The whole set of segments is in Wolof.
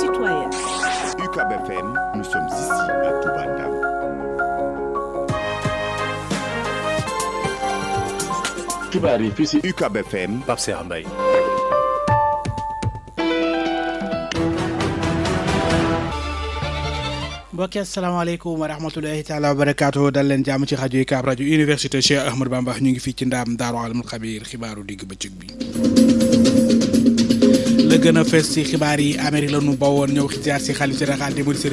citoyen. UCAB FM, nous sommes ici xibaar yi fii si UCAB FM Pape Serra Mbaye. mbokki asalaamaaleykum wa rahmatulahi dal leen jàmm ci rajo UCAB rajo université Cheikh Ahmadou Bamba ñu ngi fii ci ndaam Daaru Alimul Xabiir xibaaru digg bëccëg bi. la gën a fees ci xibaar yi Amérique la ñu bawoon ñëw xijaar ci xalif général di murid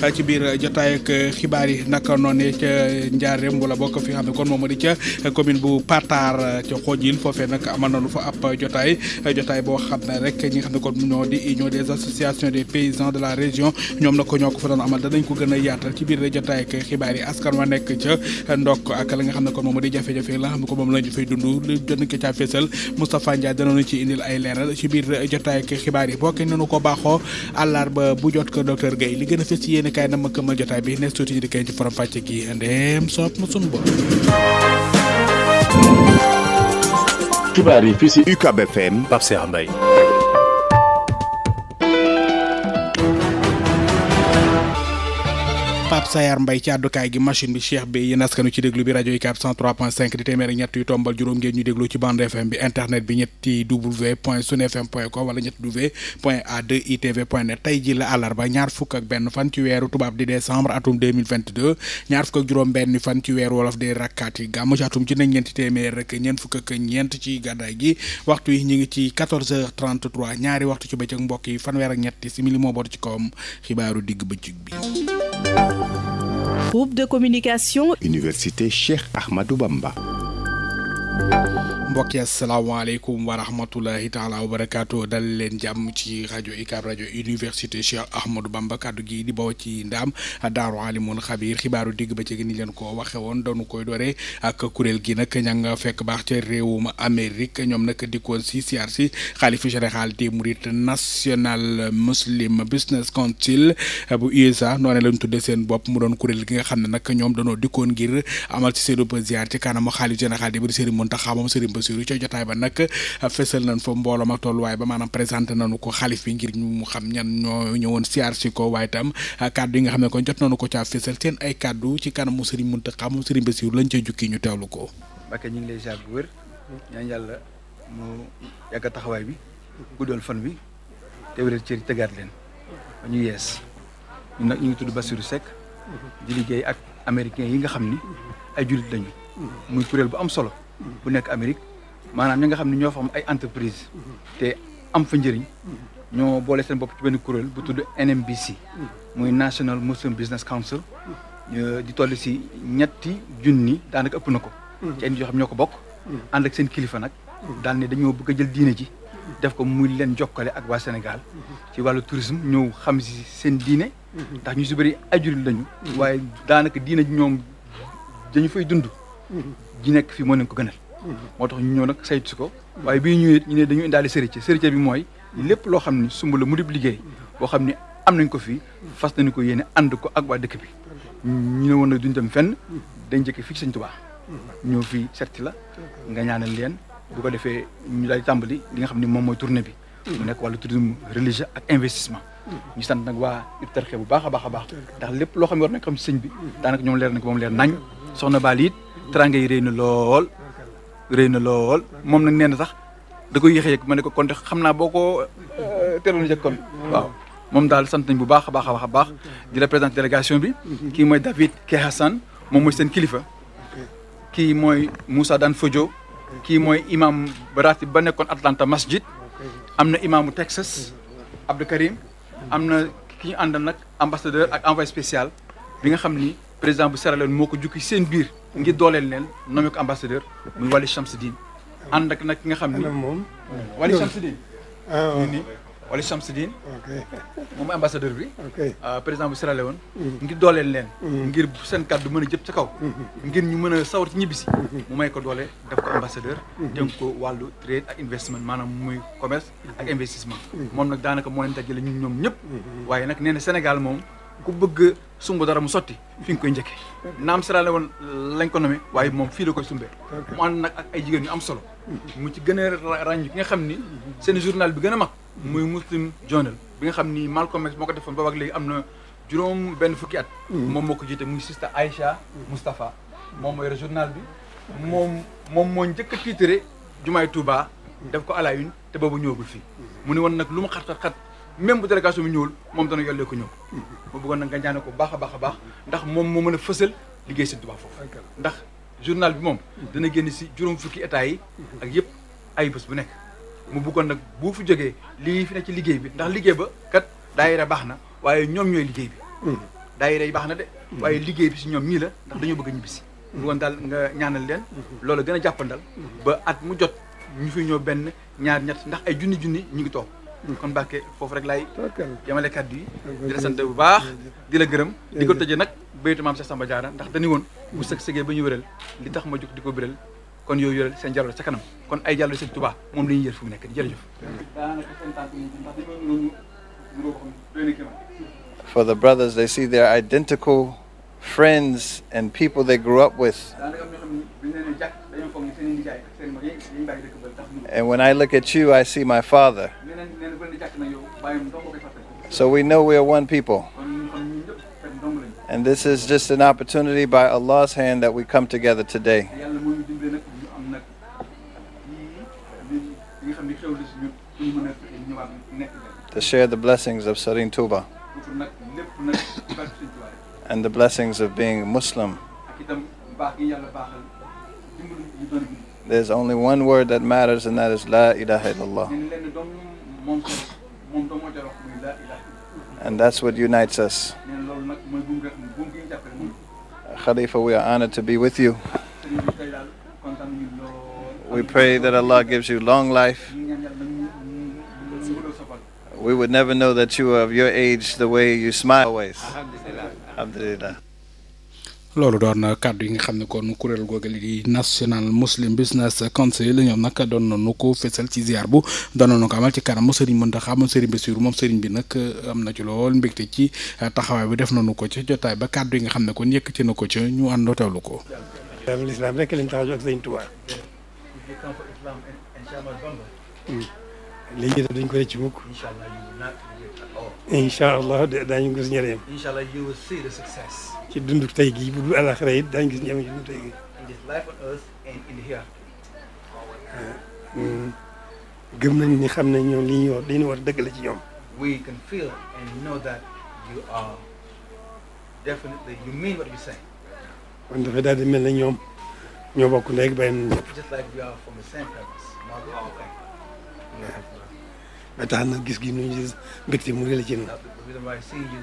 a biir jotaay xibaar yi naka noonu ca Njaareem wala bokk fi xam ne kon moom ñoo di union des associations des paysans de la région ñoom na ko ñoo ko fa doon amal danañ ko gën a yaatal ci biir jotaay xibaar yi askan wa nekk ca ndokk ak la nga xam ne ko moom ma di jafe-jafe la xam ko moom lañu fay dund lu jot ko caa fésal Moustapha Ndiaye danoonu ci indil ay leeral ci biir jotaay ak xibaar yi bokke nanu ko baaxoo àllarba bu jot ko docteur Guèye li gën a fës ci yéen kaay na ma këmal jotaay bi nees tuuti ñu di kay ci forom fàcce gi ndeem soob ma sunu bopp yi fii ci UCAB FM Pape Pape Sayar Mbaye ci àddukaay gi machine bi Cheikh bi yéen askanu ci déglu bi rajo UCAB 103.5 di téeméer ak ñett yu tombal juróom ngeen ñu déglu ci bande FM bi internet bi ñetti w point sunfm point com wala ñetti w point a2 itv point net tey ji la àllarba ñaar fukk ak benn fan ci weeru tubaab di décembre atum 2022 ñaar fukk ak juróom benn fan ci weeru wolof di rakkaat yi gàmmu ci atum ci nañ ñeenti téeméer rek ñeent fukk ak ñeent ci gàddaay gi waxtu yi ñu ngi ci 14 heures 33 ñaari waxtu ci bëccëg mbokk yi fanweer ak ñetti simili moo boot ci kawam xibaaru digg bëccëg bi Groupe de communication Université Cheikh Ahmadou Bamba mbokk yi asalaamaaleykum wa rahmatulahi taala wa barakaatu dal leen jàmm ci rajo UCAB rajo université Cheikh Ahmadou Bamba kàddu gi di bawoo ci ndaam daaru alimul xabiir xibaaru digg ba ci ni leen ko waxe woon doonu koy dore ak kuréel gi nag ña nga fekk baax ca réewum Amérique ñoom nag dikkoon si siyaar si xaalifa général des mourides national muslim business council bu USA noonu lañ tuddee seen bopp mu doon kuréel gi nga xam ne nag ñoom danoo dikkoon ngir amal ci seen ziar ci kanamu xaalifa général des mourides Serigne Mountakha moom Serigne Bassirou ca jotaay ba nag fesal nañ fa mbooloom ak tolluwaay ba maanaam présenté nañu ko xalif yi ngir ñu mu xam ñan ñoo ñëwoon siyaar si ko waaye tam kàddu yi nga xam ne kon jot nañu ko ca fesal seen ay kàddu ci kanamu Serigne Mountakha mu Serigne Bassirou lañ ca jukki ñu teewlu ko. Mbacké ñu ngi lay ziar bu wér ñaan yàlla mu yàgg taxawaay bi guddoon fan bi te wéral cër tëggaat leen ba ñu yees ñu nag ñu ngi tudd Bassirou Seck di liggéey ak américain yi nga xam ni ay jullit lañu muy kuréel bu am solo bu nekk Amérique maanaam ñi nga xam ne ñoo fa am ay entreprise te am fa njëriñ ñoo boole seen bopp ci benn kuréel bu tudd NMBC muy National Muslim Business Council di toll si ñetti junni daanaka ëpp na ko ci ay nit yoo xam ñoo ko bokk ànd ak seen kilifa nag daal ne dañoo bëgg a jël diine ji def ko muy leen jokkale ak waa Sénégal ci wàllu tourisme ñëw xam si seen diine ndax ñu si bëri ajuri lañu uhuh. waaye daanaka diine ji ñoom dañu fay dund ji nekk fii moo leen ko gënal. Mm-hmm. moo tax ñu ñëw nag saytu ko. waaye bii ñu ñu ne dañu indaale sérité sérité bi mooy. lépp loo xam ne sumb la mu dib liggéey. Mm-hmm. boo xam ne am nañ ko fii. fas nañu ko yéene ànd ko ak waa dëkk bi. Mm-hmm. ñu ne woon na duñ dem fenn. dañ jëkk fii ci Sëñ Tuubaa. ñëw fii serti la. nga ñaanal leen. bu ko defee ñu daal di tàmbali li nga xam ne moom mooy tournée bi. mu nekk wàllu tourisme religieux ak investissement. ñu sant nag waa Hizbut-Tarqiyyah bu baax a baax a baax. ndax lépp loo xam ne war nañ ko xam ci sëñ bi. daanaka leer ko moom leer nañ soxna Baali it teranga yi réy na lool réy na lool moom nag nee na sax da koy yéex a yëg ma ne kon de xam naa boo ko euh, teeloon yëg kon moom daal sant bu baax a baax a baax a baax di représenter bi ki mooy David Keh Hassan moom mooy seen kilifa kii mooy Moussa Dan Fodio kii mooy imam ratib ba nekkoon Atlanta Masjid am na imaamu Texas Abdou Karim am na ki ñu àndal nag ambassadeur ak envoyé spécial bi nga xam ni président bu Sierra Leone moo ko jukki seen biir ngir dooleel leen nommé ko ambassadeur muy Waly Chamsidine ànd ak nag ki nga xam ni moom Waly Chamsidine ah, ñu ni Waly Chamsidine moom ambassadeur bi ah, par bu Sierra Leone mm-hmm. ngir dooleel leen mm-hmm. ngir seen kàddu mën a jëpp ca kaw mm-hmm. ngir ñu mën a sawar ci ñibbisi mu may ko doole def ko ambassadeur dénk ko wàllu trade ak investment maanaam muy commerce ak investissement moom nag daanaka moo leen dajale ñun ñoom ñëpp waaye nag nee na Sénégal moom ku bëgg sumb dara mu sotti fi nga koy njëkkee naam sera la woon lañ ko waaye moom fii la koy sumbee mu ànd nag ay jigéen ñu am solo mu ci gën a ràññu ki nga xam ni seen journal bi gën a mag muy Muslim Journal bi nga xam ni mal X moo ko defoon boobu ak am na juróom benn fukki mm. moom moo ko jiite muy sista Aïcha Moustapha moom mooy journal bi moom moom moo njëkk a tiitre jumaay Touba def ko à la te boobu ñëwagul fii mu ne woon nag lu mu xat xat xat même bu délégation bi ñëwul moom dana yollee ko ñëw bëggoon nag nga ñaane ko baax a baax ndax moom moo mën a fësal liggéey Sëñ Tuubaa foofu ndax journal bi moom dana génn si juróom fukki état yi ak yëpp ay bés bu nekk mu bëggoon nag bu fi jógee lii fi ne ci liggéey bi ndax liggéey ba kat daayira baax na waaye ñoom ñooy liggéey bi baax na de waaye liggéey bi si ñoom ñii la ndax dañoo bëgg a ñibbisi bëggoon daal nga ñaanal leen loolu gën a dal ba at mu jot ñu fi ñëw benn ñaar ñett ndax ay junni junni ñi ngi toog kon Mbacke foofu rek laay yamale kàddu yi di la sant bu baax di la gërëm di ko tëjee nag baytu maam Cheikh Samba Diarra ndax dañu bu sëg sëgee ñu wéral li tax ma jóg di ko biral yooyu yore seen jàllale kanam kon ay jàllale sëñ Touba moom la ñuy fu mu nekk jërëjëf. For the brothers they see their identical friends and people they grew I look at you I see my father. So we know we are one people. And this is just an opportunity by Allah's hand that we come together today. To share the blessings of Sarin Tuba and the blessings of being Muslim. There's only one word that matters, and that is La ilaha illallah. And that's what unites us. Khalifa, we are honored to be with you. We pray that Allah gives you long life. We would never know that you are of your age the way you smile always. Alhamdulillah. loolu doon kàddu yi nga xam ne kon kuréel googale di National Muslim Business Council ñoom nag doon nañu ko fésal ci ziar bu doon nañu ko amal ci kanamu Serigne Mountakha moom Serigne Bassirou moom Serigne bi nag eh, am na ci lool mbégte ci eh, taxawaay bi def nañu ko ci jotaay ba kàddu yi nga xam ne ko yëkkati na ko ci ñu àndoo teewlu ko. daal lislaam rek lañ taxaju ak Serigne Touba. Hmm. li ñu def dañ ko rëcc mukk. incha allah daañu ko si ñeneen. incha allah you will see the ci dundu tey gii bu dul àllaxira it daañu gis njëriñ ci dundu tey gii. Hmm. gëm nañ ni xam ne ñoom li ñu wax dañu war a dëgg la ci ñoom. we can feel and know that you are definitely you mean what you say. kon dafay daal di mel ne ñoom ñoo bokk ndey ak bàyyi nañu ñëpp. just like we are from the same parents. ba tax na gis gi nu ñu gis mbégte mu rëy la ci noonu.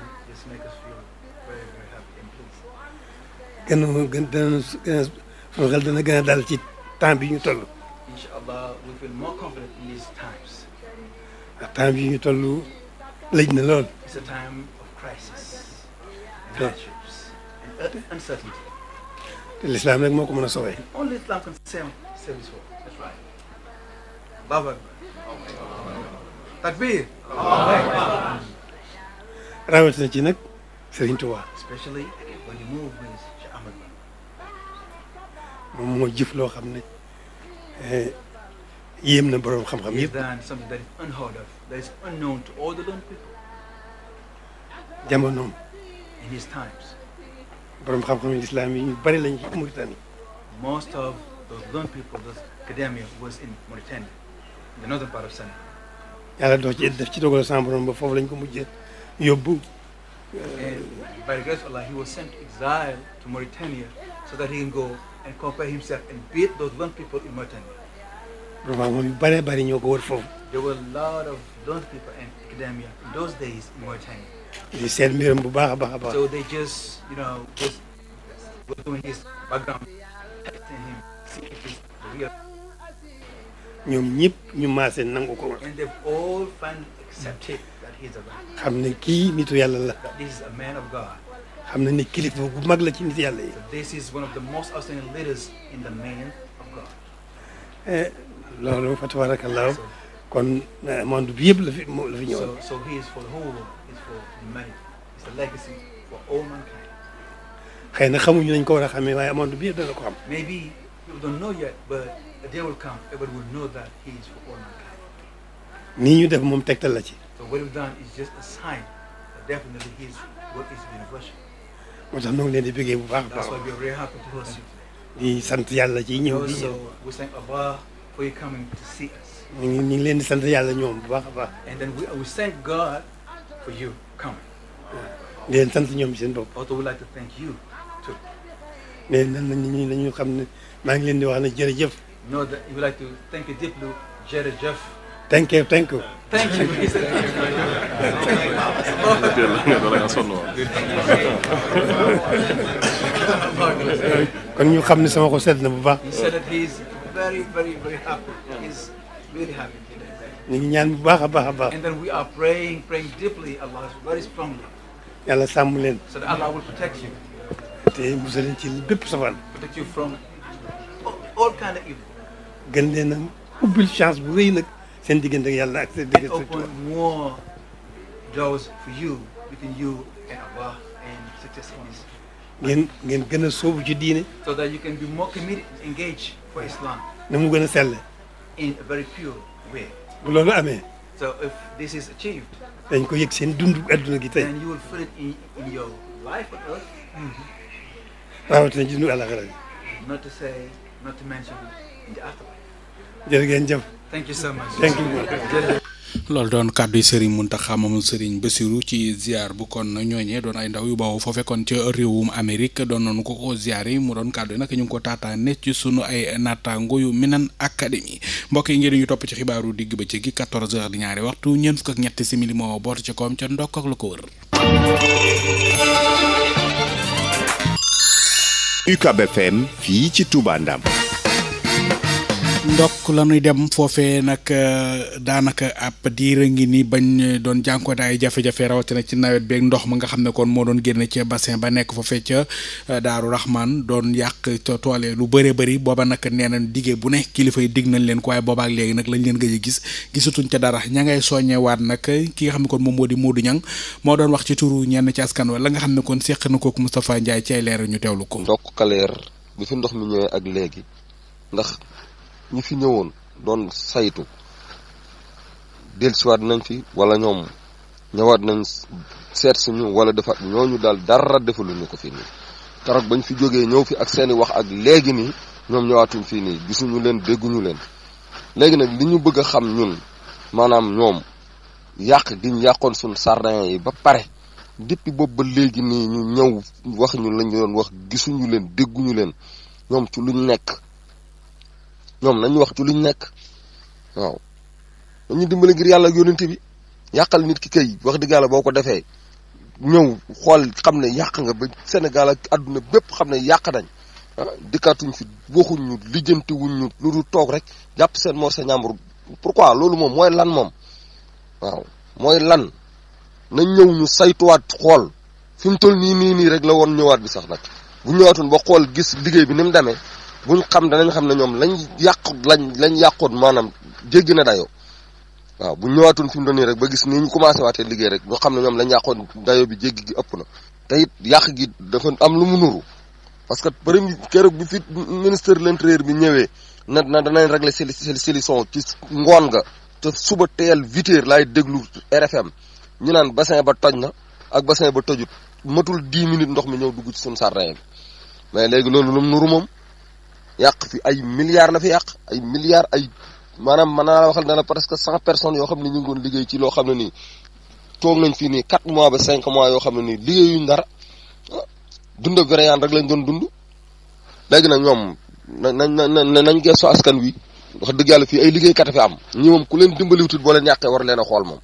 gën gën dana gën dana gën dal ci temps bi ñu toll. incha allah ñu toll lëj na lool. it's a time of crisis. hardships and uh, uncertainty. te l'islam rek moo ko mën a sauver. only Islam can save save this world. that's right. Baba. ci nag Serigne Touba. especially when moom moo jëf loo xam ne eh, na borom xam-xam yëpp. jamonoom. in his times. borom xam yi ñu bari lañ ko Mauritanie. most of the learned people Mauritania, the northern part of Senegal. borom ba foofu lañ ko mujjee yóbbu. and by the Allah he was sent exile to Mauritania so that he can go. and cover himself and beat those lone people in Mauritania. Romango yu bare bari ñoo ko wër foofu. There were a lot of lone people and academia in those days in Mauritania. di seet mbiram bu baax a baax a baax. so they just you know just were doing his background testing him see if he's real. ñoom ñëpp ñu maase nangu ko. and they all finally accepted that he is a man. xam ne kii nitu yàlla la. that this is a man of God. xam na ni kilifa bu mag la ci nit yàlla yi. this is one of the most outstanding leaders in the man of God. Eh, loolu fa tabarakallah kon eh, monde bi yëpp la fi la fi ñëwoon. so so he is for the whole world, he is for humanity, it's a legacy for all mankind. xëy na xamuñu nañ ko war a xamee waaye monde bi yëpp dana ko xam. maybe you don't know yet but a day will come everyone will know that he is for all mankind. nii ñu def moom tegtal la ci. so what we've done is just a sign that definitely he is what is universal. moo tax ñoo leen di bëggee bu baax a baax di sant yàlla ci ñëw di ñëw. ñu ngi ñu ngi leen di sant yàlla ñoom bu baax a baax. and then we we thank God for you coming. leen sant ñoom seen bopp. also we like to thank you too. mais nan la ñu xam ne maa ngi leen di wax ne jërëjëf. no that we like to thank you deeply thank you thank you. thank you. kon ñu xam ne sama xol sedd na bu baax. ñu ngi ñaan bu baax a baax a baax. and then we are praying praying deeply Allah very strongly. yàlla sàmm leen. so that Allah will protect you. te musal leen ci bépp safaan. protect you from all kind of evil. gën leen a ubbil chance bu rëy nag. seen diggante ak yàlla ak seen diggante ak Tuubaa. more doors you between you Allah and success in this. ngeen ngeen gën a sóobu so that you can be more committed and engaged for Islam. na mu gën a sell. in a very pure way. bu amee. so if dañ ko yëg seen dundu adduna gi tey. then you will feel it in, your life on earth. Mm-hmm. rawatina ci dundu àllaxira bi. not to say not in the afterlife. jërë ngeen jëf. thank you loolu doon kàddu yi Serigne Mountakha moom Serigne Bassirou ci ziar bu kon na ñooñee doon ay ndaw yu bawoo foofee kon ci réewum Amérique doon nañu ko ko ziar yi mu doon kàddu yi nag ñu ngi ko taataane ci sunu ay naataango yu Minan Academy mbokk yi ngeen ñu topp ci xibaaru digg ba ci 14 heures ñaari waxtu ñeent fukk ak ñetti simili moo boot ci koom ca ndokk ak la ko wër. ndokk la ñuy dem foofee nag euh, daanaka ab diir ngi ni bañ doon jànkuwante ay jafe-jafe rawatina ci nawet beek ndox mi nga xam ne kon moo doon génn ci bassin ba nekk foofee ca euh, Daaru Rahman doon yàq ca lu bëree bëri booba nag nee nañ diggee bu ne yi dig nañ leen ko boobaak léegi nag lañ leen gëj a gis gisatuñ ca dara ña ngay soññewaat nag ki nga xam kon moom moo di Modou ñan moo doon wax ci turu ñenn ci askan wa la nga xam ne kon seq na kook Moustapha Ndiaye ci ay leer ñu lu ko. ndokk kaleer bi ndox mi ak léegi ñi fi ñëwoon doon saytu dellusiwaat nañ fi wala ñoom ñëwaat nañ seet suñu wala ñoo ñu daal dara defaluñu ko fi nii keroog bañ fi jógee ñëw fi ak seeni wax ak léegi nii ñoom ñëwaatuñ fii nii gisuñu leen dégguñu leen léegi nag li ñu bëgg a xam ñun maanaam ñoom yàq gi ñu yàqoon suñ sardin yi ba pare depuis boobu ba léegi nii ñu ñëw wax ñu lañ doon wax gisuñu leen dégguñu leen ñoom ci ñu nekk ñoom nañ wax ci ñu nekk waaw dañu dimbale ngir yàlla ak yónente bi yàqal nit ki kay wax dëgg yàlla boo ko defee ñëw xool xam ne yàq nga ba senegal ak àdduna bépp xam ne yàq nañ ah dikkaatuñ fi waxuñ ñu lijjantiwuñ ñu lu dul toog rek jàpp seen mor sa ñàmbur pourquoi loolu moom mooy lan moom waaw mooy lan nañ ñëw ñu saytuwaat xool fi mu toll nii nii nii rek la woon ñëwaat bi sax nag bu ñëwaatoon ba xool gis liggéey bi ni mu demee buñ xam danañ xam ne ñoom lañ yàqu lañ lañ yàqoon maanaam jéggi na dayoo waaw bu ñëwaatoon fi mu doon nii rek ba gis ni ñu commencé waatee liggéey rek ñu xam ne ñoom lañ yàqoon dayoo bi jéggi gi ëpp na te yàq gi dafa am lu mu nuru parce que premier keroog bi fi ministre de l'intérieur bi ñëwee na na danañ régler seli solution ci ngoon nga te suba teel huit heures déglu RFM ñu naan bassin ba toj na ak bassin ba tojut matul dix minutes ndox mi ñëw dugg ci suñu sàrree bi mais léegi loolu lu moom yàq fi ay milliards na fi yàq ay milliards ay maanaam mën naa waxal na la presque cent personnes yoo xam ne ñu ngi doon liggéey ci loo xam ne nii toog nañ fii nii quatre mois ba cinq mois yoo xam ne nii liggéeyuñ dara ah, dund variant rek lañ doon dund léegi nag ñoom nañ nañ nañ gestu askan wi wax dëgg yàlla fii ay liggéey a fi am ñi moom ku leen dimbaliwutit boo leen yàqee war leen a xool moom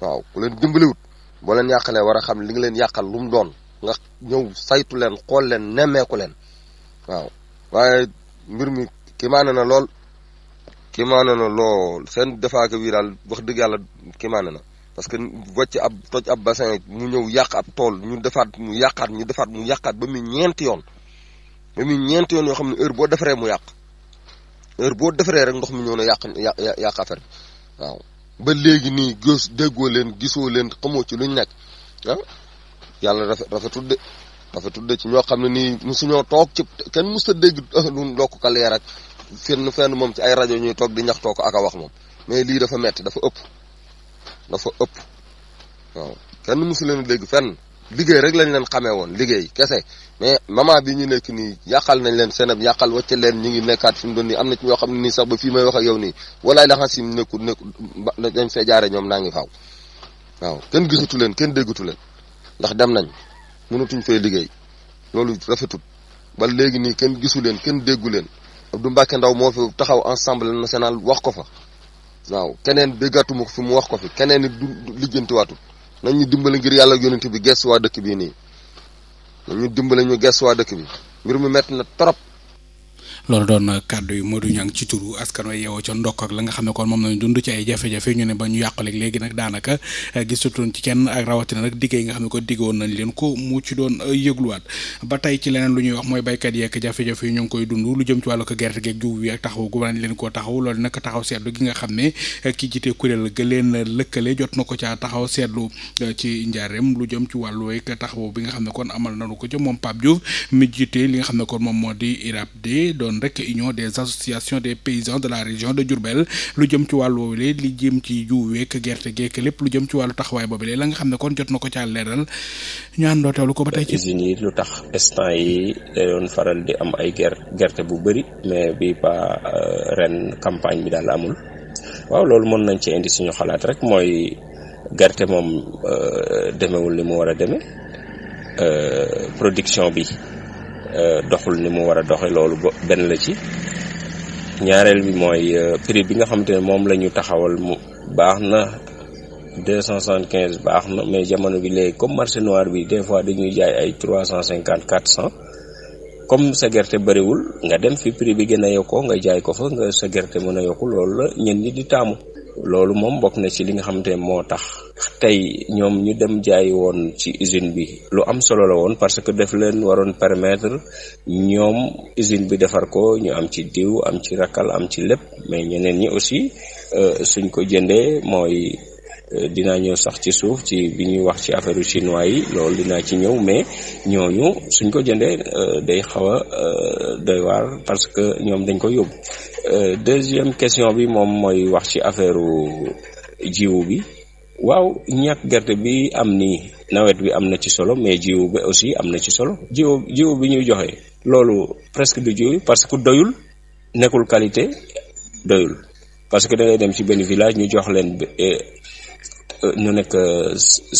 waaw ku leen dimbaliwut boo leen yàqalee war a xam li nga leen yàqal lu mu doon nga ñëw saytu leen xool leen nemmeeku leen waaw waaye mbir mi ki maane na lool ki maane na lool seen defaaka bii daal wax dëgg yàlla ki maane na parce que wàcc ab toj ab bassin mu ñëw yàq ab tool ñu defaat mu yàqaat ñu defaat mu yàqaat ba muy ñeenti yoon ba muy ñeenti yoon yoo xam ne heure boo defaree mu yàq heure boo defaree rek ndox mi ñëw na yàq yàq yàq affaire waaw ba léegi nii gis déggoo leen gisoo leen xamoo ci lu ñu nekk ah. yàlla rafet rafetul de dafa tudd ci ñoo xam ne nii mosuñoo toog ci kenn mos a dégg lu ndokk ka leer ak fenn fenn moom ci ay rajo ñuy toog di ñaxtoo ko ak a wax moom mais lii dafa metti dafa ëpp dafa ëpp waaw kenn mosu leen dégg fenn liggéey rek lañu leen xamee woon liggéey kese mais maman bi ñu nekk nii yàqal nañ leen seenab yàqal wacce leen ñu ngi nekkaat fi mu doon nii am na ci ñoo xam ne nii sax ba fii may wax ak yow nii walaay la xas im nekku nekku dañ fee jaare ñoom naa ngi waaw kenn gisatu leen kenn déggatu leen ndax dem nañ mënatuñ fay liggéey loolu rafetut ba léegi nii kenn gisu leen kenn déggu leen du Mbacke Ndaw moo fi taxaw Assemblée national wax ko fa waaw keneen déggatuma ko fi mu wax ko fi keneen it du lijjantiwaatul nañ ñu dimbale ngir yàlla yonent bi gestu waa dëkk bii nii nañu ñu dimbale ñu gestu waa dëkk bi mbir mu metti na trop loolu doon kàddu yu Modou Niang ci turu askan wa yeewoo ca ndokk ak la nga xam ne kon moom nañ dund ci ay jafe-jafe ne ba ñu yàqaleeg léegi nag daanaka eh, gisatuñ ci kenn rawatina nag digg yi nga xam ne ko diggoon nañ leen ko mu ci doon eh, yëgluwaat ba tey ci leneen lu ñuy wax mooy baykat yeek jafe yi ñu ngi koy dund lu jëm ci wàllu gerte geeg jiw bi ak taxaw gu leen koo taxaw nag taxaw seetlu gi nga xam ne eh, ki jitee kuréel ga leen lëkkale jot na ko caa taxaw seetlu ci njaareem lu jëm ci wàllu way taxaw bi nga xam ne kon amal nanu ko ca moom Pape Diouf mi jiite li nga xam ne kon moom moo di irab de doon rek union des associations des paysans de la région de Diourbel lu jëm ci wàllu woowu li jëm ci jiw week gerte geek lépp lu jëm ci wàllu taxawaay boobu la nga xam ne kon jot na ko caa leeral ñu àndoo ko ba tey ci usines yi lu tax instant yi da faral di am ay ger gerte bu bëri mais bi ba euh, ren campagne bi daal amul waaw loolu mën nañ ci indi suñu xalaat rek mooy gerte moom euh, demewul li mu war a demee euh, production bi Euh, doxul ni mu war a doxe loolu benn la ci ñaareel bi mooy euh, prix bi nga xamante ne moom la ñu taxawal mu baax na deux cent soixante baax na mais jamono bi léegi comme marché noir bi des fois dañuy jaay ay trois cent cinquante quatre cent comme sa gerte bëriwul nga dem fi prix bi gën a yokkoo nga jaay ko fa nga sa gerte mën a yokku loolu la ñenn ñi di taamu loolu moom mbokk na ci li nga xamante ne moo tax tey ñoom ñu dem jaay woon ci usine bi lu am solo la woon parce que daf leen waroon permettre ñoom usine bi defar ko ñu am ci diw am ci rakkal am ci lépp mais ñeneen ñi aussi euh, suñ ko jëndee mooy Euh, dinaa ñëw sax ci suuf ci bi ñuy wax ci affaire chinois yi loolu dinaa ci ñëw mais ñooñu suñ ko jëndee euh, day xaw a euh, doy waar parce que ñoom dañ ko yóbbu deuxième question bi moom mooy wax ci affaire jiwu bi waaw ñàkk gerte bi am ni nawet bi am na ci solo mais jiwu bi aussi am na ci solo jiwu jiwu bi ñuy joxe loolu presque du jiwu parce que doyul nekkul qualité doyul parce que da dem ci benn village ñu jox leen ñu nekk euh,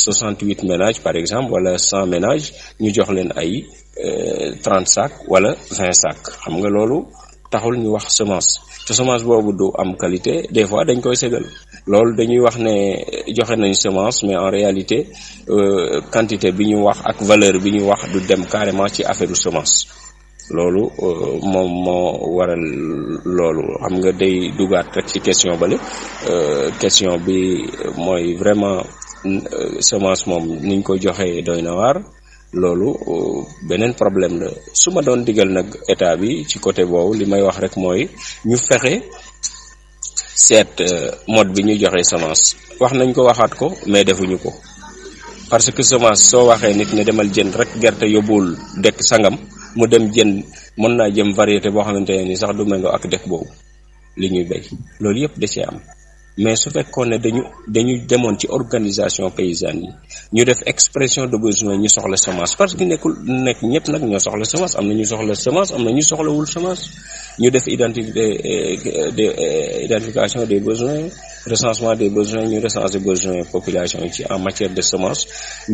soixante huit ménages par exemple wala cent ménages ñu jox leen ay euh, trente sacs wala vingt sacs xam nga loolu taxul ñu wax semence te semence boobu du am qualité des fois dañ koy ségal loolu dañuy wax ne euh, joxe nañ semence mais en réalité quantité bi ñu wax ak valeur bi ñu wax du dem carrément ci affaire semence. loolu euh, moom moo waral loolu xam nga day dugaat rek ci question bale euh, question bi mooy vraiment euh, semence moom niñ ko joxee doy na waar loolu beneen problème la su ma doon digal nag état bi ci côté boobu li may wax rek mooy ñu fexe seet mode bi ñu joxe semence wax nañ ko waxaat ko mais defuñu ko parce que semence soo waxee nit ne demal jënd rek gerte yóbbul dëkk sangam mu dem jën mën naa jëm variété boo xamante ne ni sax du méngoo ak dëkk boobu li ñuy béy loolu yëpp da cee am mais su fekkoon ne dañu dañu demoon ci organisation paysanne yi ñu def expression de besoin ñu soxla semence parce que nekkul nekk ñëpp nag ñoo soxla semence am na ñu soxla semence am na ñu soxlawul semence ñu def identité euh, de euh, identification des besoins recensement des besoins ñu recenser besoins population yi ci en matière de semence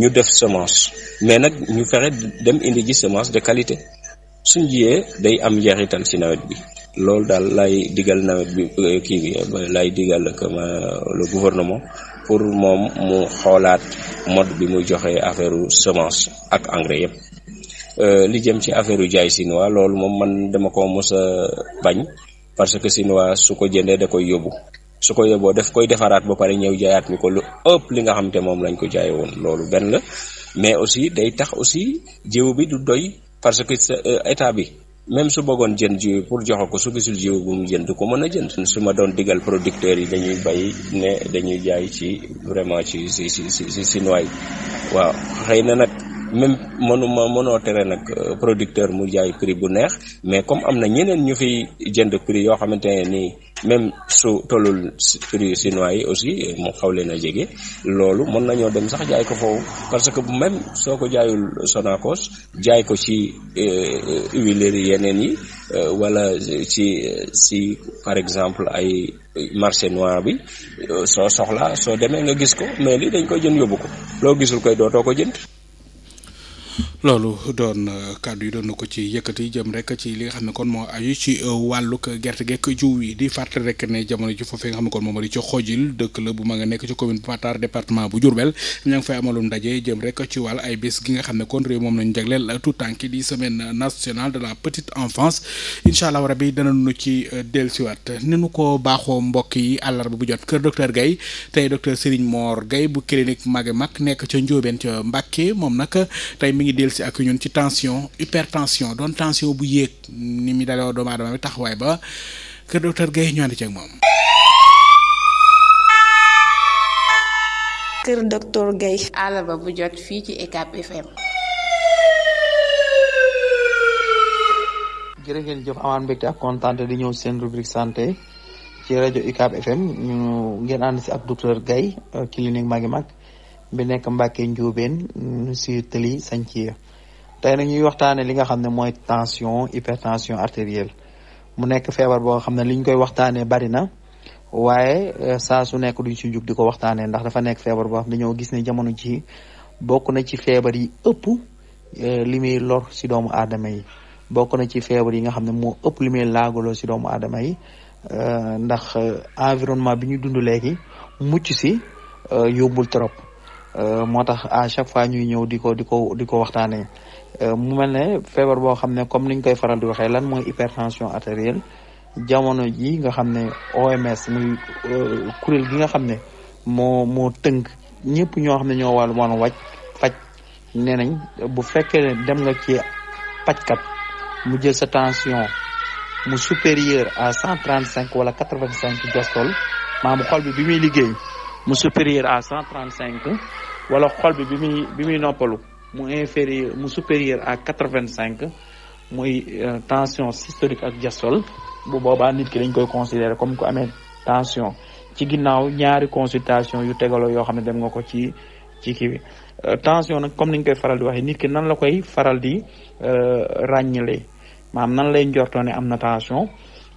ñu def semence mais nag ñu fexe dem indi ji semence de qualité suñ jiyee day am njarital ci nawet bi loolu daal lay digal nawet bi euh, kii bi euh, lay digal comme euh, le gouvernement pour moom mu xoolaat mode bi mu joxe affaire semence ak engrais yëpp li jëm ci affaire u jaay chinois loolu moom man dama ko mos a bañ parce que chinois su ko jëndee da koy yóbbu su ko yóbboo def koy defaraat ba pare ñëw jaayaat ñu ko lu ëpp li nga xam te moom lañ ko jaay woon loolu benn la mais aussi day tax aussi jiw bi du doy parce que sa euh, état bi même su bëggoon jënd jiw pour joxe ko su gisul jiw bu mu jënd du ko mën a jënd. su ma doon digal producteurs yi dañuy bay ne dañuy jaay ci vraiment ci si si si si waaw xëy na nag. même mënuma mënoo tere nag euh, producteur mu jaay prix bu neex mais comme am na ñeneen ñu fiy jënd prix yoo xamante ne nii même su tollul prix chinois yi aussi mu xaw leen a jege loolu mën nañoo dem sax jaay ko foofu parce que même soo ko jaayul Sonacos jaay ko ci euh, euh, huileries yeneen yi wala ci si par exemple ay marché noir bi soo soxlaa soo demee nga gis ko mais lii dañ koy jënd yóbbu ko loo gisul koy dootoo ko jënd loolu doon euh, kàddu yi doon na ko ci yëkkati jëm rek ci li nga xam ne kon moo aju ci euh, wàllug gerte geek jiw yi di fàttali rek ne jamono ji foofee nga xam ne kon moom moo di ci xoojil nga xam ne kon réew moom lañu jagleel tout temps ki di semaine nationale de la petite enfance incha allah rabi danañu ci euh, dellusiwaat ni nu ko baaxoo mbokk yi àllarba bu jot kër docteur Gaye tey docteur Serigne Mor Gaye bu clinique Maguette Mag nekk ca Ndiobène ca Mbacke moom nag tey mi ngi del si ci tension hypertension doon tension bu yéeg ni mi daloo doomu aadama bi taxawaay ba kër docteur Gaye ñu ànd ci ak moom. bu jot fii ci UCAB FM. jërë ngeen jëf amaan mbégte ak kontaan di ñëw seen rubrique santé ci rajo UCAB FM ngeen ànd si ak docteur Gaye clinique Maggi Mag. bi nekk Mbàkke Njuubeen mm, si tëli Sanciya te nag ñuy waxtaanee li nga xam ne mooy tension hypertension artérielle mu nekk feebar boo xam ne liñ koy waxtaanee bari na waaye euh, saa su nekk duñ si jug di ko waxtaanee ndax dafa nekk feebar boo xam dañoo gis ne jamono ji bokk na ci feebar yi ëpp euh, li muy lor si doomu aadama yi bokk na ci feebar yi nga xam ne moo ëpp li muy laagaloo si doomu aadama yi euh, ndax environnement bi ñu dund léegi mucc si yóbbul trop Euh, moo tax à chaque fois ñuy ñëw di ko di ko di ko waxtaanee euh, mu mel ne feebar boo xam ne comme niñ koy faral di waxee lan mooy hypertension artérielle jamono ji nga xam ne OMS muy euh, kuréel gi nga xam ne moo moo tënk ñëpp ñoo xam ne ñoo wàllu woon wàcc faj nee nañ bu fekkee ne dem nga ci pajkat mu jël sa tension mu supérieur à cent trente cinq wala quatre vingt cinq diastole maanaam xol bi bi muy liggéey mu supérieur à cent trente cinq wala xol bi bi muy bi muy noppalu mu inférieur mu supérieur à quatre vingt cinq muy euh, tension systolique ak diastole bu boobaa nit ki dañ koy considérer comme ku amee tension ci ginnaaw ñaari consultation yu tegaloo yoo xam ne dem nga ko ci ci kii bi euh, tension nag comme ni koy faral di waxee nit ki nan la koy faral di euh, ràññale maanaam nan lay njortoo am na tension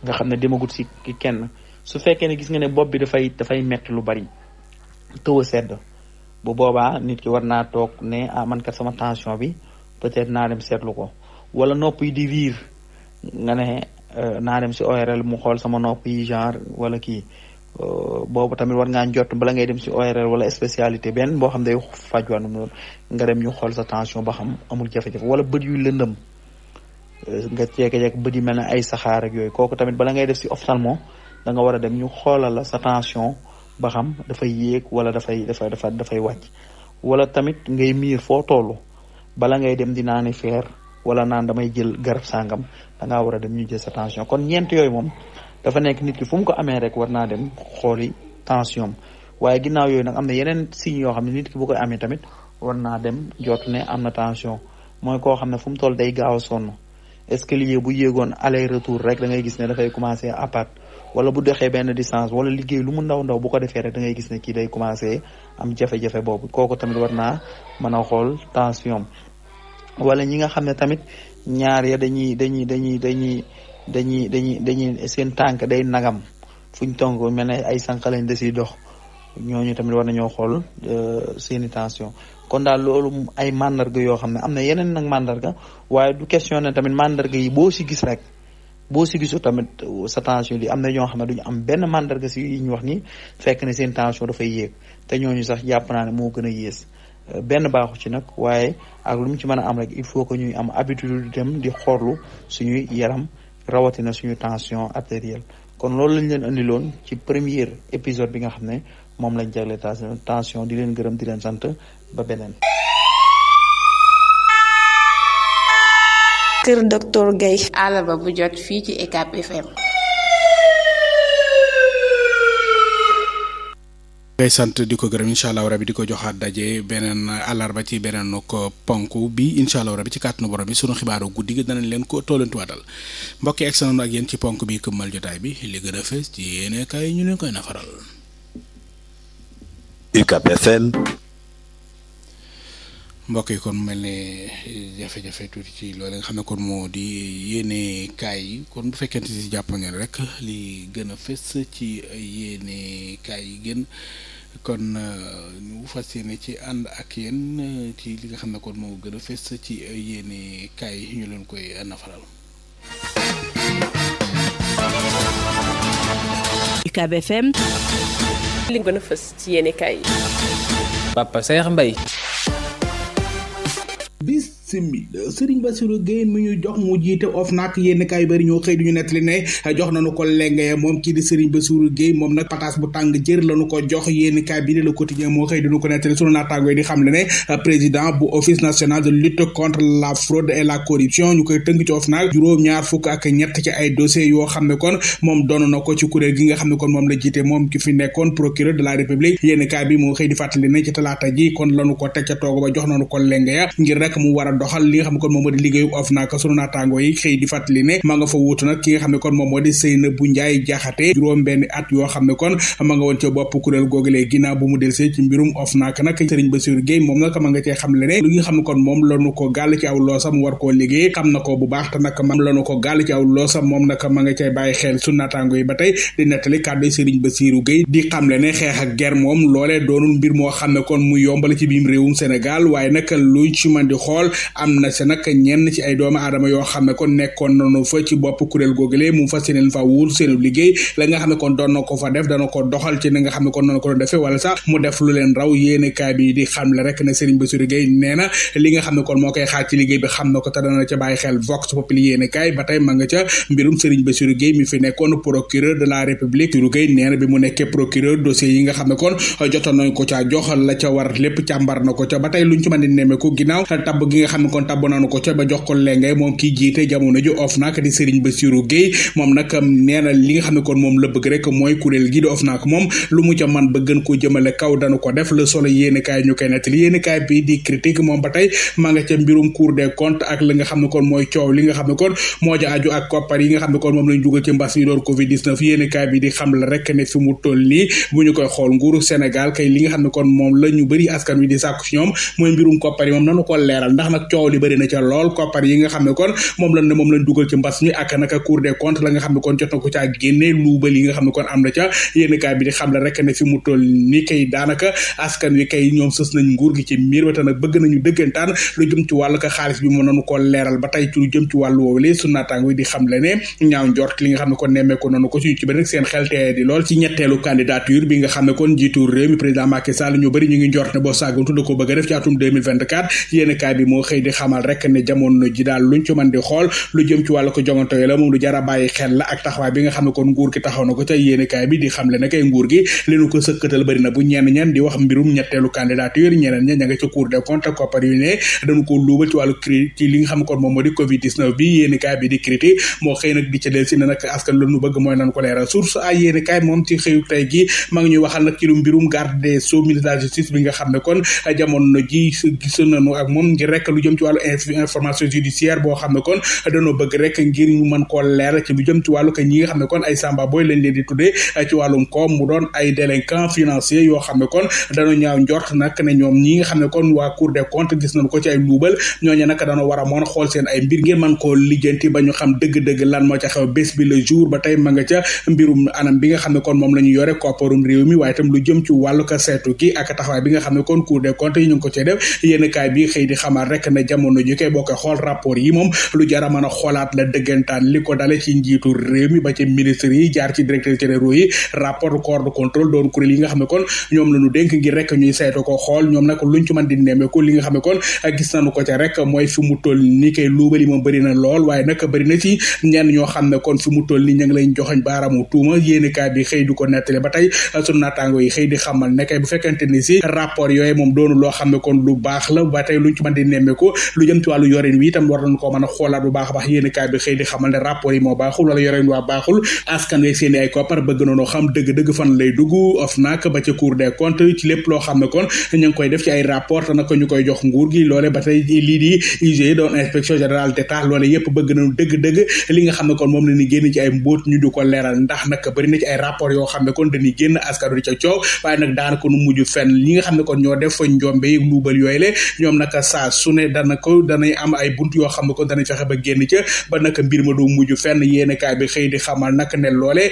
nga xam ne di demagut si kenn su fekkee ne gis nga ne bopp bi dafay dafay metti lu bari tëw sedd bu boobaa nit ki war naa toog ne ah man sama tension bi peut-être naa dem seetlu ko wala nopp yi di wiir nga ne euh, naa dem si ORL mu xool sama nopp yi genre wala kii euh, boobu tamit war ngaa jot bala ngay dem si ORL wala spécialité benn boo xam day faj wàllum nga dem ñu xool sa tension ba xam amul jafe-jafe wala bët yu lëndëm euh, nga jékki-jékki bët yi mel ne ay saxaar yooyu kooku tamit bala ngay def si ophtalmo da nga war a dem ñu xoolal la sa tension. ba xam dafay yéeg wala dafay dafa dafa dafay wàcc wala tamit ngay miir foo toll bala ngay dem di naani feer wala naan damay jël garab sàngam da ngaa war a dem ñu jël sa tension kon ñeent yooyu moom dafa nekk nit ki fu ko amee rek war naa dem xooli tension waaye ginnaaw yooyu nag am na yeneen signes yoo xam ne nit ki bu koy amee tamit war naa dem jot ne am na tension mooy koo xam ne fu mu toll day gaaw a sonn est bu yéegoon aller retour rek da gis ne dafay commencer à wala bu doxee benn distance wala liggéey lu mu ndaw ndaw bu ko defee rek da gis ne kii day commencé am jafe-jafe boobu kooku tamit war naa mën a xool tension wala ñi nga xam ne tamit ñaar ya dañuy dañuy dañuy dañuy dañuy dañuy dañuy seen tànk day nagam fuñ tong mel ne ay sànq lañ da dox ñooñu tamit war nañoo xool euh, seeni tension kon daal loolu ay màndarga yoo xam ne am na yeneen nag màndarga waaye du question ne tamit mandarga yi boo si gis rek boo si tamit euh, sa tension li am na ñoo xam ne duñu am benn mandarga si yi ñu wax ni fekk ne seen tension dafay yéeg te ñooñu sax jàpp naa ne moo gën a yées euh, benn baaxu ci nag waaye ak lu mu ci mën a am rek il faut que ñuy am habitude di dem di xorlu suñuy yaram rawatina suñu tension artérielle kon loolu lañ leen andiloon ci premier épisode bi nga xam ne moom lañ jagle tension di leen gërëm di leen sant ba beneen kër docteur gay àllarba bu jot fii ci UCAB FM. ngay sant di ko gërëm incha allah rabi di ko joxaat daje beneen àllarba ci beneen ko ponk bi incha allah rabi ci kàttanu borom bi sunu xibaaru guddi gi danañ leen ko tollantuwaatal mbokk yi egg ak yéen ci ponk bi këmmal jotaay bi li gën a fees ci yéene kaay ñu leen koy nafaral. UCAB mbokk yi kon mel ne eh, jafe-jafe tuuti ci loolu nga xam ne kon moo di yéene kaay yi kon bu fekkent si jàpp ngeen rek li gën a fës ci yéene kaay yi gën kon eh, ñu fas yéene ci ànd ak yéen eh, ci li nga xam ne kon moo gën a fës ci yéene kaay yi ñu leen koy nafaral. Biz simil Serigne Bassirou Gueye mi ñu jox mu jiite OFNAC yénn kaay bari ñoo xëy di ñu nettali ne jox nañu ko di ko jox yénn kaay bi di Le Quotidien moo xëy diñu ko ñu koy tënk ci OFNAC juróom-ñaar fukk ak ñett ci ay dossiers doon na ko ci kuréel gi nga xam kon moom la jiite moom ki fi nekkoon procureur de la république yénn kaay teg ca toogo ba jox nañu ko lenge ya ngir rek mu war doxal li nga xam ne kon moom moo di liggéeyu OFNAC sunu naataango yi xëy di fàttali ne ma nga fa wuutu nag ki nga xam ne kon moom moo di Seynabou Ndiaye Diakhaté juróom benn at yoo xam ne kon ma nga woon ca bopp kuréel googulee ginnaaw bu mu delsee ci mbirum OFNAC nag Serigne Bassirou Gueye moom nag ma nga cee xam le ne li nga xam ne kon moom ko gàll ci aw loosam mu liggéey xam na ko bu baax te nag ma lanu ko gàll ci aw loosam moom nag ma nga cay bàyyi xel sunu naataango yi ba tey di nettali kàddu Serigne Bassirou Gueye di xam le ne xeex ak guerre moom doonul mbir moo xam ne kon mu yombal ci biim réewum senegal waaye nag lu ci man di xool am na sa nag ñenn ci ay doomu aadama yoo xam ne kon nekkoon nañu fa ci bopp kuréel googule mu fas yéeneen fa wuul seenu liggéey la nga xam ne kon na ko fa def dana ko doxal ci ni nga xam ne kon noonu ko doon defee wala sax mu def lu leen raw nga xam ne kon moo koy xaar ci liggéey bi xam na ko te dana ca bàyyi xel Vox Populi yéene kaay ba tey ma nga ca mbirum Serigne Bassirou Gueye mi fi nekkoon procureur de la République Bassirou Gueye bi mu nekkee procureur dossier yi nga xam ne kon jotoon nañ ko caa jox la ca war lépp càmbar na ko ca ba tey luñ ci mën di xam kon ko ca ba jox ko lenge moom kii jiite jamono li nga xam ne kon moom la bëgg rek mooy kuréel gi di OFNAC moom lu mu ca man ba gën koo jëmale kaw danu ko def le solo yéenekaay ñu koy nettali yéenekaay bi di critique moom ba tey maa nga ca mbirum Cour des comptes ak li nga xam ne kon mooy coow li nga xam ne kon moo ja aju ak yi nga xam ne kon moom lañ dugal ci mbas yi door Covid 19 yéenekaay bi di xam la rek ne fi mu toll nii bu ñu koy xool nguuru Sénégal kay li nga xam ne kon moom la ñu bëri askan wi di sàkku ci ñoom mooy mbirum koppar yi moom nanu ko leeral ndax nag nag coow li bëri na ca lool koppar yi nga xam ne kon moom lan dugal ci mbas mi ak naka cour des comptes la nga xam ne kon jot na ko caa génne luubal yi nga a def ci atum 2024 yénn bi moo xëy di xamal rek ne jamono ji daal luñ ci di xool lu jëm ci wàllu ko jongante la moom lu jara di xam le na kay nguur na nu bëgg moom ngi rek lu lu jëm ci wàllu information judiciaire boo xam ne kon dañoo bëgg rek ngir ñu mën koo leer ci lu jëm ci wàllu nga xam ne kon samba boy lañ leen di tuddee eh, ci wàllum koom mu doon ay délinquant financier yoo xam ne kon dañoo ñaaw njort nag ne nga xam ne kon waa cour des comptes gis nañ ko ci ay luubal ñooñu nag dañoo war a moon xool seen ay mbir ngir mën koo lijjanti ba ñu xam dëgg-dëgg lan moo ca xew bés bi ba tey ma nga ca mbirum bi nga xam ne kon moom la ñu yore kopparum réew mi waaye tam lu jëm ci wàllu ka seetu gi ak taxawaay bi nga xam ne kon cour des comptes yi ñu ngi ko cee def yénn kaay bi xëy di xamal rek mais jamono ji koy boo koy xool rapport yi moom lu jara mën a xoolaat la dëggantaan li ko dale ci njiitu réew mi ba ci ministre yi jaar ci directeur généraux yi rapport corps de contrôle yi nga xam ne kon ñoom la ñu dénk ngir rek ñuy saytu ko xool ñoom nag luñ ci mën di nemmeeku li nga xam ne kon gis nañu ko ca mooy fi mu toll ni koy luubali moom bëri na lool waaye nag bëri na ci ñenn ñoo xam ne kon fi mu toll ni ñu ngi lañ joxoñ baaramu tuuma yéenekaay bi xëy di ko nettali ba tey sunu naataango xëy di xamal ne kay fekkente ni si rapport yooyu moom doonu loo xam ne kon lu baax la ba tey lu ci mën di ko lu jëm ci yoreen wi itam war nañ a xoolaat bu baax a baax yéen kaay bi xëy di xamal ne rapport baaxul wala yoreen waa baaxul askan wi seen ay koppar bëgg nañoo xam dëgg-dëgg loo xam ne kon koy def ci na ko ñu koy jox nguur gi loole ba tey lii di UGE doon inspection générale li nga xam ne kon moom la ñu génn ci ay mbóot ñu di ko leeral ndax nag bëri na ci ay rapport yoo xam ne kon dañuy génn askan wi ca coow waaye nag daanaka nu mujj fenn li nga xam ne kon ñoo def fa njombe luubal yooyu le ñoom nag saa su dana ko danay am ay bunt yoo xam ne ko danañ fexe ba génn ca ba naka mbir ma du mujj fenn yéenekaay bi xëy di xamal nag ne loolee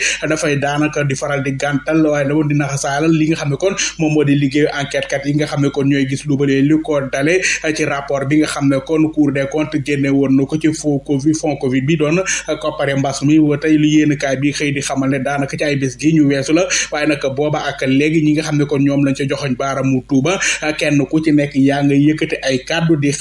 daanaka faral di gàntal waaye da woon di naxasaalal li nga xam ne kon moom moo di liggéeyu enquête kat yi nga xam ne kon ñooy gis lu bëree li ko dale ci rapport bi nga xam ne kon Cour des comptes génne woon na ko ci fond Covid fond Covid ko doon koppare mbas mi tey lu yéenekaay bi xëy di xamal ne daanaka ci ay bés gi ñu weesu la waaye nag booba ak léegi ñi nga xam ne kon ñoom lañ ca joxoñ baaramu tuuba kenn ku ci nekk yaa nga yëkkati ay kàddu di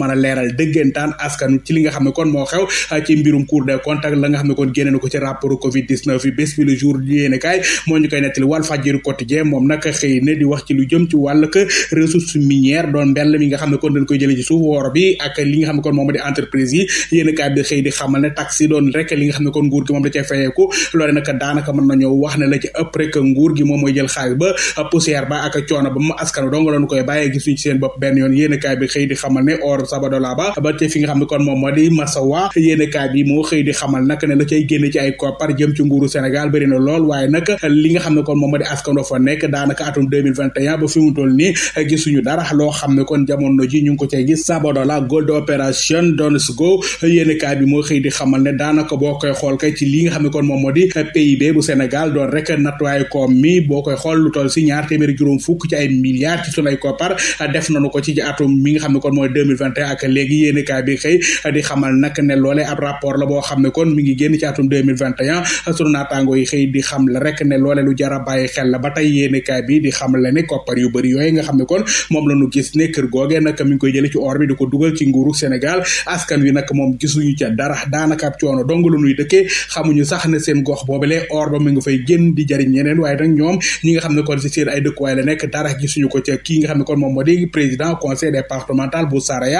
mën a leeral dëggantaan askan ci li nga xam kon moo xew ah, ci mbirum Cour des comptes la nga xam kon génne na koy ba poussière ba ak ba benn yoon yéene kaay bi xëy di xamal ne or Sabadola ba ba te fi nga xam ne kon moom di Massawa yéenekaay bi moo xëy di xamal ne kon moom di askan wa fa nekk daanaka atum 2021 ba fi mu toll nii gisuñu dara loo xam ne kon jamono ji ñu ngi ko cay gis Sabadola Gold Operation Dons Go yéenekaay bi moo xëy rek juróom fukk ci ay milliards ci sunu ay koppar def nañu ko ci atum mi nga xam ne kon mooy 2021 jëflante ak léegi yéenekaay bi xëy xamal nag ne loole ab rapport la boo xam ne kon mi ngi génn ci atum 2021 sunu naataango yi xëy di xam rek ne loolee lu jar a bàyyi xel ba tey yéenekaay bi di xam la ne koppar yu bëri yooyu nga xam ne kon moom la ñu gis ne kër googee nag mi ngi koy jële ci or bi di ko dugal ci nguuru Sénégal askan wi nag moom gisuñu ca dara daanaka ab coono dong la ñuy xamuñu sax ne seen gox boobale or ba mi ngi fay génn di jariñ ñeneen waaye nag ñoom ñi nga xam ne kon si seen ay la nekk dara gisuñu ko ca kii nga xam ne kon moom moo di président conseil départemental bu Saraya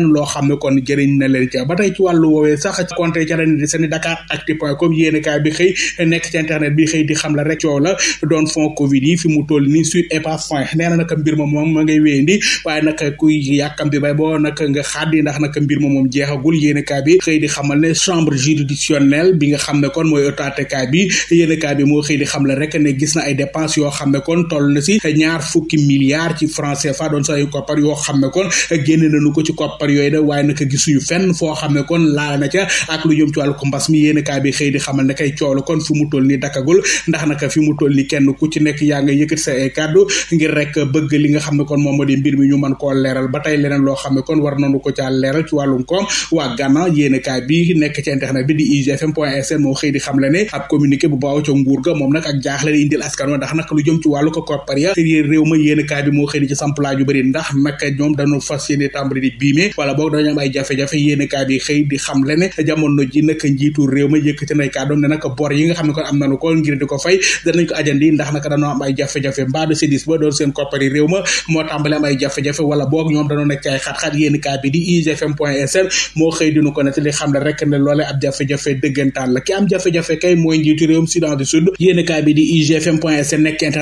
lenn loo xam ne kon jëriñ na leen ca ba tey ci wàllu woowee di xam la rek fi mu toll nii sur et pas fin mbir ma moom a ngay wéyandi waaye nag kuy yàkkamti bay boo nag nga xaddi ndax mbir ma moom jeexagul yéenekaay bi xëy di xamal ne chambre juridictionnelle bi nga xam ne kon mooy otatekaay bi yéenekaay bi moo xëy di xam la rek ne gis na ay dépenses yoo xam ne kon toll na si ñaar fukki milliards ci francs CFA doon say koppar yoo xam ne kon génne nañu ko ci koppar feebar yooyu la waaye naka gisuñu fenn foo xam ne kon laal na ca ak lu jëm ci wàllu ko mbas mi yéen bi xëy di xamal ne kay coow la kon fi mu toll ni dakagul ndax naka fi mu toll ni kenn ku ci nekk yaa nga yëkkati sa ay rek bëgg li nga xam ne kon moom moo di mbir mi ñu mën koo leeral ba tey leneen loo xam ne kon war nañu ko caa leeral ci wàllum koom waa Ghana yéen kaay bi nekk ci internet bi di igfm point sn moo xëy di xam le ne ab communiqué bu baaw ca nguur moom nag ak jaaxle di indil askan wa ndax nag lu jëm ci wàllu ko koppar ya réew ma yéen kaay bi moo xëy di ci samplaaj yu bëri ndax naka ñoom dañu fas yéene tàmbali di biime wala boog dañu am ay ne jamono ji bi di ne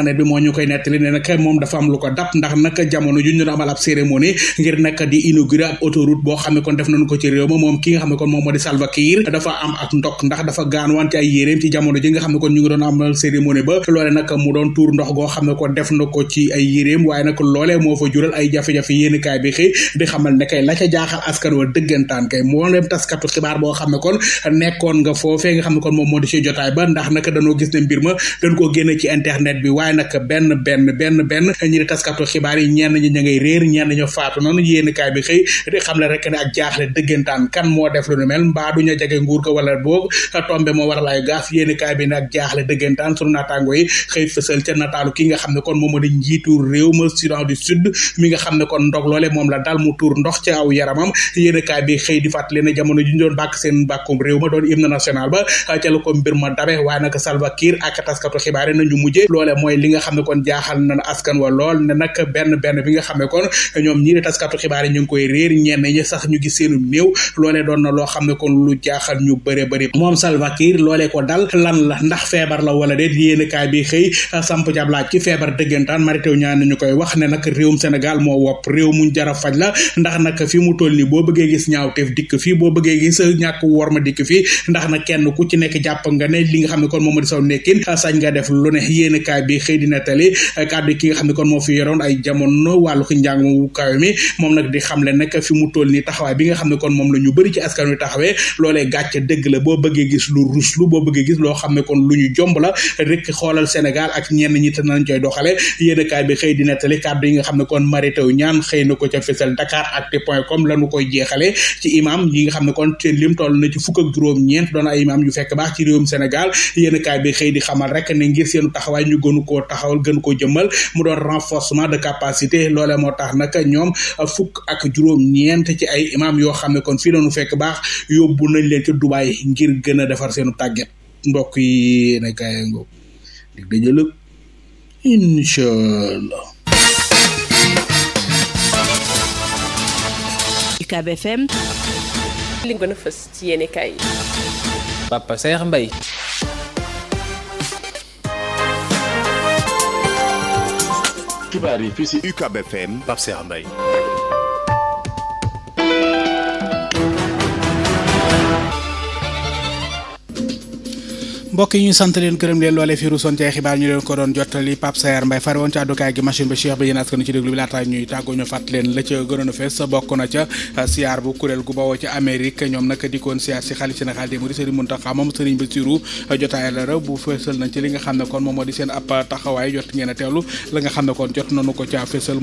loolee ab kay moom dafa am lu ko ndax nag jamono ju ñu amal ab cérémonie ngir nag di inaugurer autoroute boo xam ne kon def nañu ko ci réew ma moom ki nga xam ne kon moom moo di Salva Kiir dafa am ak ndok ndax dafa gaanwante ay ci jamono ji nga xam ne kon ñu ngi doon amal cérémonie ba loole nag goo xam ne kon def na ko ci ay yéréem waaye nag loolee moo fa jural ay jafe-jafe yéen kaay bi xëy di xamal ne kay la ca jaaxal wa dëggantaan kay moo leen taskatu xibaar boo xam ne kon nekkoon nga foofee nga xam ne kon moom moo di ci ba ndax nag dañoo gis ne mbir bi waaye nag benn benn benn benn ñi di taskatu xibaar yi ñenn ñi ña ngay réer ñenn ña faatu noonu yéen kaay bi xëy di xam le rek ne ak jaaxle dëggantaan kan moo def lu nu mel mbaa jege nguur ko wala boog tombe moo waral ay gaaf yéeni kaay bi ne ak jaaxle dëggantaan sunu naataango yi xëy fësal ca nataalu ki nga xam ne kon moom moo di njiitu réew ma mi nga xam ne kon ndog loole moom la dal mu tuur ndox ci aw yaramam yéeni kaay bi xëy di fàttali a jamono ji ñu doon bàkk seen bàkkum réew ma doon na national ba ca la ko mbir ma dabe waaye nag Salva Kiir ak taskatu xibaar nañu mujje loole mooy li nga xam ne kon jaaxal na askan wa lool ne nag benn benn bi nga xam ne kon ñoom ñii di taskatu xibaar ñemeña sax ñu gis seenu néew loo xam ne kon lu jaaxal ñu bëre bëri moom Salva Kiir ko dal lan la ndax feebar la wala déet yéen kaay bi xëy samp jab laaj ci feebar dëggantaan maritew ñaan nañu koy wax ne nag réewum Sénégal moo wopp réew muñ jara faj la ndax nag fi mu toll ni boo bëggee gis ñaawteef dikk fii boo bëggee gis ñàkk worma dikk fii ndax nag kenn ku ci nekk jàpp nga ne li nga xam ne kon moom ma di saw nekkin sañ nga def lu ne yéen kaay bi xëy dina tali kàddu ki nga xam ne kon moo fi yoroon ay jamono wàllu ki njàng mu mi moom nag di xamle nag fi mu toll nii taxawaay bi nga xam ne kon moom la ñu ci askan wi taxawee loolee gàcce dëgg la boo bëggee gis lu ruslu boo bëggee gis loo xam ne kon lu ñu jomb la rek ak ñenn ñi te nañ koy doxale bi xëy di nettali kàddu yi xam ne kon Mary Teuw Niane xëy na ko ca fésal Dakaractu.com lañu koy ci xam ne kon seen lim na ci fukk ak juróom-ñeent doon ay imam yu fekk baax ci réewum Sénégal yéenekaay bi xëy di xamal rek ne ngir seenu taxawaay ñu gënu koo taxawal gën koo jëmmal mu doon renforcement de capacité loolee moo tax nag ñoom ak juróom ñeent ci ay imaam yoo xam ne kon fii lañu fekk baax yóbbu nañ leen ca Dubaay ngir gën a defar seenu tàgget mbokk yi ne kaay ngoo dig daje lëg incha yi fii si UCAB mbokk yi ñu sant leen gërëm leen loolee fi ruusoon ci xibaar ñu leen ko doon jottali Pape Sayar Mbaye fare woon ci àddukaay gi machine bi Cheikh bi yéen askan ci déglu bi laata ñuy tàggoo ñu leen la ca gënoon a fees bokk na ca euh, siyaar bu kuréel gu bawoo ci Amérique ñoom nag dikkoon siyaar si xalifa général des mourides Serigne Mountakha moom euh, bu feesal nañ ci li nga xam ne kon moom moo di seen ab taxawaay jot ngeen a la nga xam ne kon jot nañu ko euh, ca feesal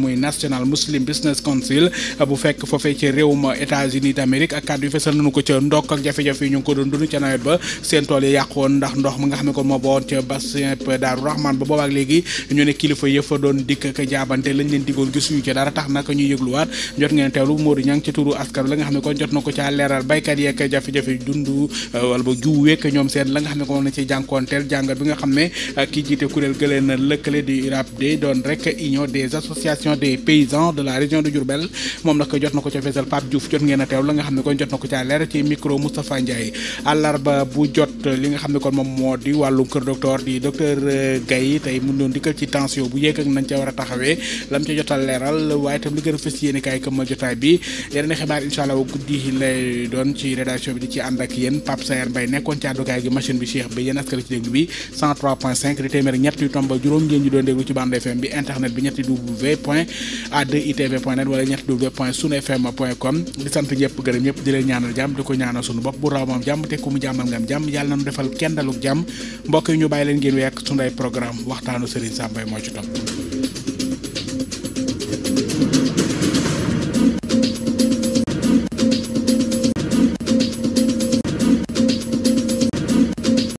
ndox mi nga xam ne kon moo ba woon ca bassin Daaru Rahman ba boobaak léegi ñu ne kilifa yëf fa doon dikk ak jaabante lañ leen digoon gisuñu ca dara tax naka ñuy yëgluwaat jot ngeen teewlu Modou Niang ci turu askan la nga xam ne kon jot na ko caa leeral baykat yeek jafe-jafe dund euh, wala ba jiw week ñoom seen la nga xam ne kon na ci jànkoonteel jàngat bi nga xam ne euh, kii jiite kuréel gëlee na lëkkale di URAPD doon rek union des associations des paysans de la région de Diourbel moom nag jot na ko ca feesal Pape Diouf jot ngeen a teew la nga xam ne kon jot na ko caa leeral ci micro Moustapha Ndiaye àllarba bu jot li nga xam ne kon moom moo di wàllu kër docteur di docteur euh, Gaye tey mun doon dikkal ci tension bu yéeg ak nañ ca war a taxawee lam ca jotal leeral waaye tam li gën a fës yéen kaay këmmal jotaay bi w point a2itv point w point sunu fm point com di leen ñaanal jàmm di ko ñaanal sunu bopp bu raw moom jàmm te mu jàmmal ngam jàmm yàlla nañu defal kenn daluk jàmm mbokk yi ñu bàyyi leen ngeen wéy ak sunu ay programme waxtaanu Serigne Sam Mbaye moo ci topp